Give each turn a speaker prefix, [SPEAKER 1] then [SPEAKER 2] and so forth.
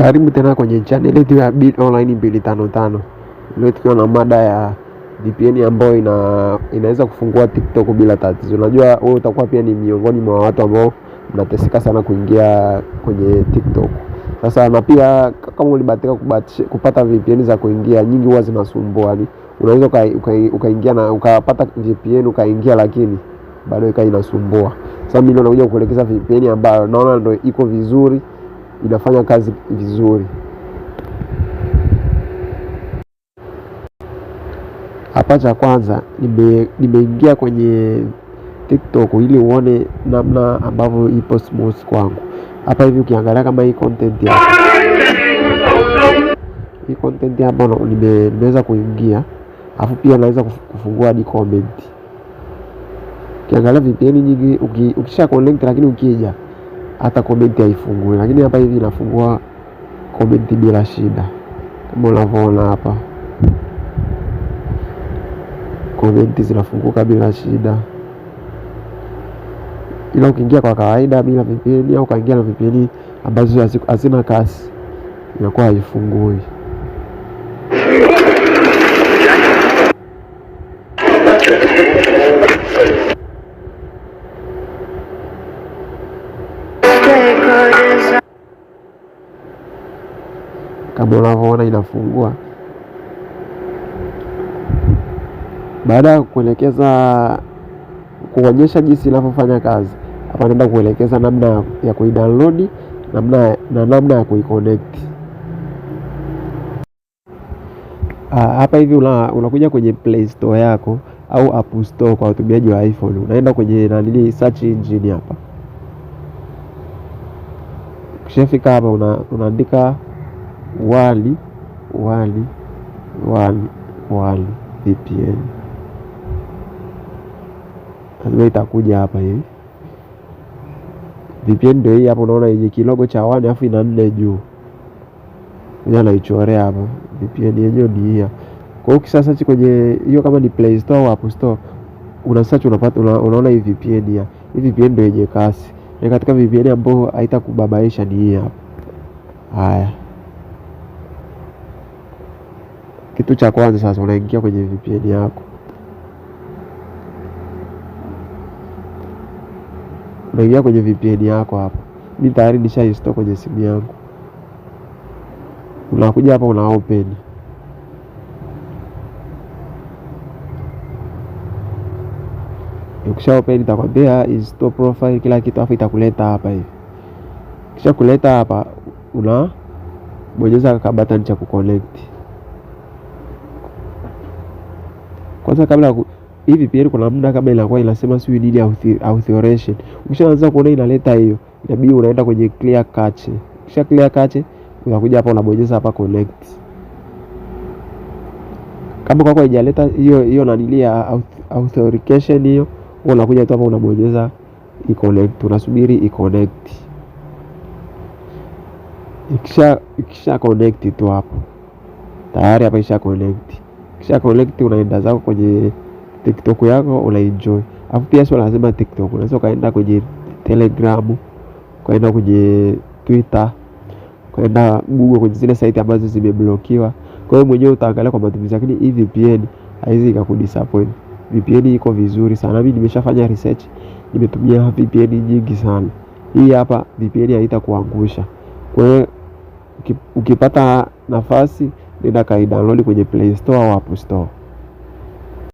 [SPEAKER 1] Karibu tena kwenye channel yetu ya Bit Online 255. Leo tukiwa na mada ya VPN ambayo ina inaweza kufungua TikTok bila tatizo. Unajua wewe utakuwa pia ni miongoni mwa watu ambao mnateseka sana kuingia kwenye TikTok. Sasa na pia kama ulibahatika kupata VPN za kuingia nyingi, huwa zinasumbua. Unaweza ukaingia uka, uka na ukapata VPN ukaingia, lakini bado ikawa inasumbua. Sasa mimi ndio nakuja kukuelekeza VPN ambayo naona ndio iko vizuri inafanya kazi vizuri. Hapa cha kwanza nimeingia kwenye TikTok ili uone namna ambavyo ipo smooth kwangu. Hapa hivi ukiangalia kama hii content hapa, hii content hapa nimeweza kuingia, alafu pia naweza kufungua hadi comment. Ukiangalia VPN nyingi ukisha connect, lakini ukija hata komenti haifungui, lakini hapa hivi inafungua komenti bila shida, kama unavyoona hapa komenti zinafunguka bila shida, ila ukiingia kwa kawaida bila VPN au ukaingia na VPN ambazo hazina kasi inakuwa haifungui. kama unavyoona inafungua. Baada ya kuelekeza kuonyesha jinsi inavyofanya kazi, hapa naenda kuelekeza namna ya kuidownload namna na namna ya kuiconnect. Ah, hapa hivi unakuja una kwenye Play Store yako au App Store kwa watumiaji wa iPhone, unaenda kwenye nani search engine hapa Ukishafika hapa una, unaandika wali wali wali wali VPN, lazima itakuja hapa hivi VPN ndio hii hapa, unaona yenye kilogo cha wani afu ina nne juu kuja naichorea hapa. VPN yenyewe ni hii Kwa hiyo ukisasa chi kwenye hiyo kama ni Play Store au App Store una search unapata, una, unaona hii VPN ya hii VPN ndio yenye kasi. Ni katika VPN ambayo haitakubabaisha ni hii hapa. Haya, kitu cha kwanza sasa, unaingia kwenye VPN yako, unaingia kwenye VPN yako hapa. Mimi tayari nisha install kwenye simu yangu. Unakuja hapa una open Ukisha open itakwambia install profile kila kitu, afu itakuleta hapa hivi. Kisha kuleta hapa, una bonyeza ka button cha kuconnect kwanza, kabla ku... hivi pia kuna muda kama inakuwa inasema sijui nini authorization. Ukishaanza kuona inaleta hiyo, inabidi unaenda kwenye clear cache. Kisha clear cache, unakuja hapa unabonyeza hapa connect. Kama kwako haijaleta hiyo hiyo nanili authorization authentication hiyo unakuja tu hapa unabonyeza iconnect, unasubiri iconnect. Ikisha ikisha connect tu hapo tayari, hapa isha connect. Ikisha connect, unaenda zako kwenye TikTok yako enjoy. Afu pia sio lazima TikTok, unaweza ukaenda kwenye Telegram, ukaenda kwenye Twitter, ukaenda Google, kwenye zile site ambazo zimeblokiwa. Kwa hiyo mwenyewe utaangalia kwa matumizi, lakini hii VPN haizi ikakudisappoint. VPN iko vizuri sana. Mimi nimeshafanya research, nimetumia VPN nyingi sana. Hii hapa VPN haitakuangusha. Kwa hiyo ukipata nafasi, nenda kaidownload kwenye Play Store au App Store.